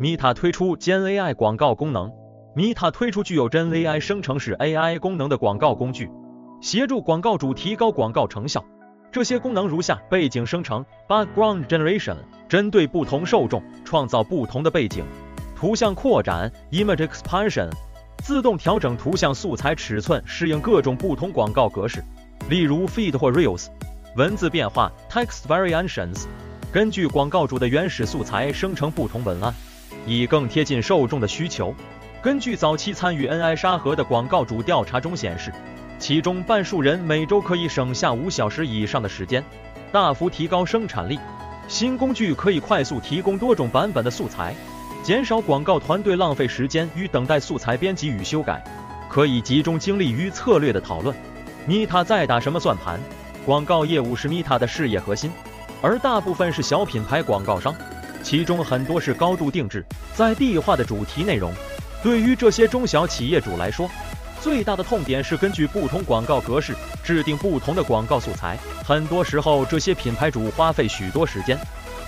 Meta 推出 Gen AI 廣告功能。Meta 推出具有 Gen AI 生成式 AI 功能的廣告工具，協助廣告主提高廣告成效。這些功能如下：背景生成 （Background Generation），針對不同受眾創造不同的背景；圖像擴展 （Image Expansion），自動調整圖像素材尺寸，適應各種不同廣告格式，例如 Feed 或 Reels；文字變化 （Text Variations），根據廣告主的原始素材生成不同文案。以更貼近受眾的需求，根據早期參與 AI 沙盒的廣告主調查中顯示，其中半數人每周可以省下五小時以上的時間，大幅提高生產力。新工具可以快速提供多種版本的素材，減少廣告團隊浪費時間與等待素材編輯與修改，可以集中精力於策略的討論。Meta 在打什麼算盤？廣告業務是 Meta 的事業核心，而大部分是小品牌廣告商。其中很多是高度定制在地化的主題內容。對於這些中小企業主來說，最大的痛點是根據不同廣告格式制定不同的廣告素材。很多時候，這些品牌主花費許多時間，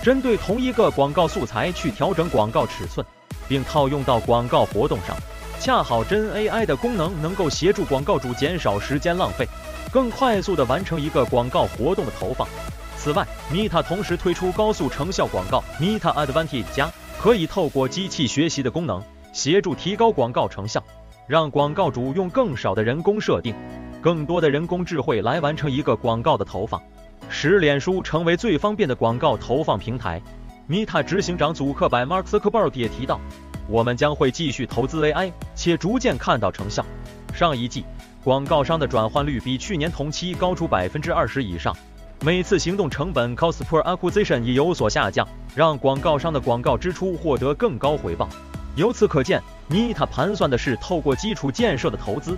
針對同一個廣告素材去調整廣告尺寸，並套用到廣告活動上。恰好 gen AI 的功能能夠協助廣告主減少時間浪費。更快速地完成一個廣告活動的投放。此外，Meta 同時推出高速成效廣告，Meta Advantage 加可以透過機器學習的功能協助提高廣告成效，讓廣告主用更少的人工設定，更多的人工智慧來完成一個廣告的投放，使臉書成為最方便的廣告投放平台。Meta 執行長祖克柏 Mark Zuckerberg 也提到，我們將會繼續投資 AI，且逐漸看到成效。上一季，廣告商的轉換率比去年同期高出百分之二十以上，每次行動成本 （cost per acquisition） 也有所下降，讓廣告商的廣告支出獲得更高回報。由此可見，Meta 盤算的是透過基礎建設的投資，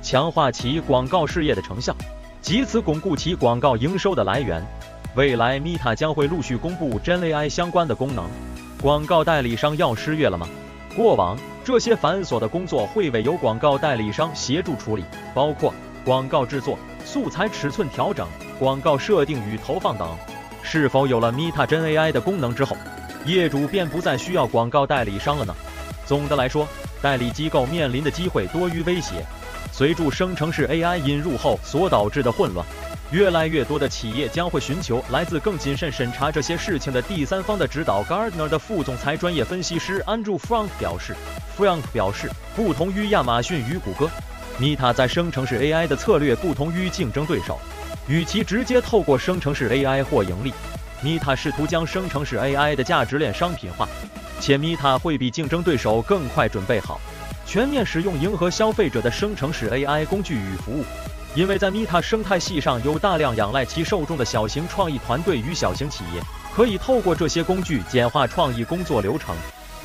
強化其廣告事業的成效，藉此鞏固其廣告營收的來源。未來，Meta 將會陸續公布 genAI 相關的功能。廣告代理商要失業了嗎？過往，這些繁瑣的工作會委由廣告代理商協助處理，包括廣告製作、素材尺寸調整、廣告設定與投放等。是否有了 Meta genAI 的功能之後，業主便不再需要廣告代理商了呢？總的來說，代理機構面臨的機會多於威脅，隨着生成式 AI 引入後所導致的混亂。越來越多的企業將會尋求來自更謹慎審查這些事情的第三方的指導。Gardner 的副總裁、專業分析師 Andrew Frank 表示，Frank 表示，不同於亞馬遜與谷歌，Meta 在生成式 AI 的策略不同於競爭對手。與其直接透過生成式 AI 獲盈利，Meta 試圖將生成式 AI 的價值鏈商品化，且 Meta 會比競爭對手更快準備好全面使用迎合消費者的生成式 AI 工具與服務。因為在 Meta 生態系上有大量仰賴其受眾的小型創意團隊與小型企業，可以透過這些工具簡化創意工作流程。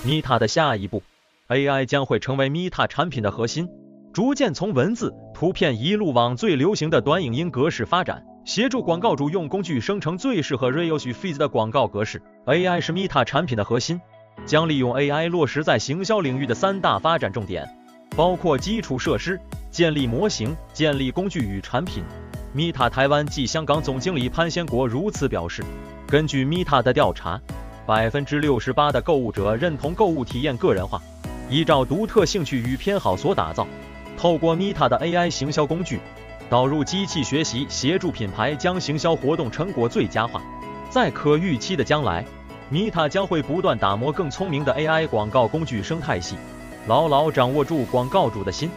Meta 的下一步，AI 將會成為 Meta 產品的核心，逐漸從文字、圖片一路往最流行的短影音格式發展，協助廣告主用工具生成最適合 Reels 與 Feed 的廣告格式。AI 是 Meta 產品的核心，將利用 AI 落實在行銷領域的三大發展重點，包括基礎設施，建立模型、建立工具與產品，Meta 台灣及香港總經理潘先國如此表示。根據 Meta 的調查，百分之六十八的購物者認同購物體驗個人化，依照獨特興趣與偏好所打造。透過 Meta 的 AI 行銷工具，導入機器學習協助品牌將行銷活動成果最佳化。在可預期的將來，Meta 將會不斷打磨更聰明的 AI 廣告工具生態系，牢牢掌握住廣告主的心。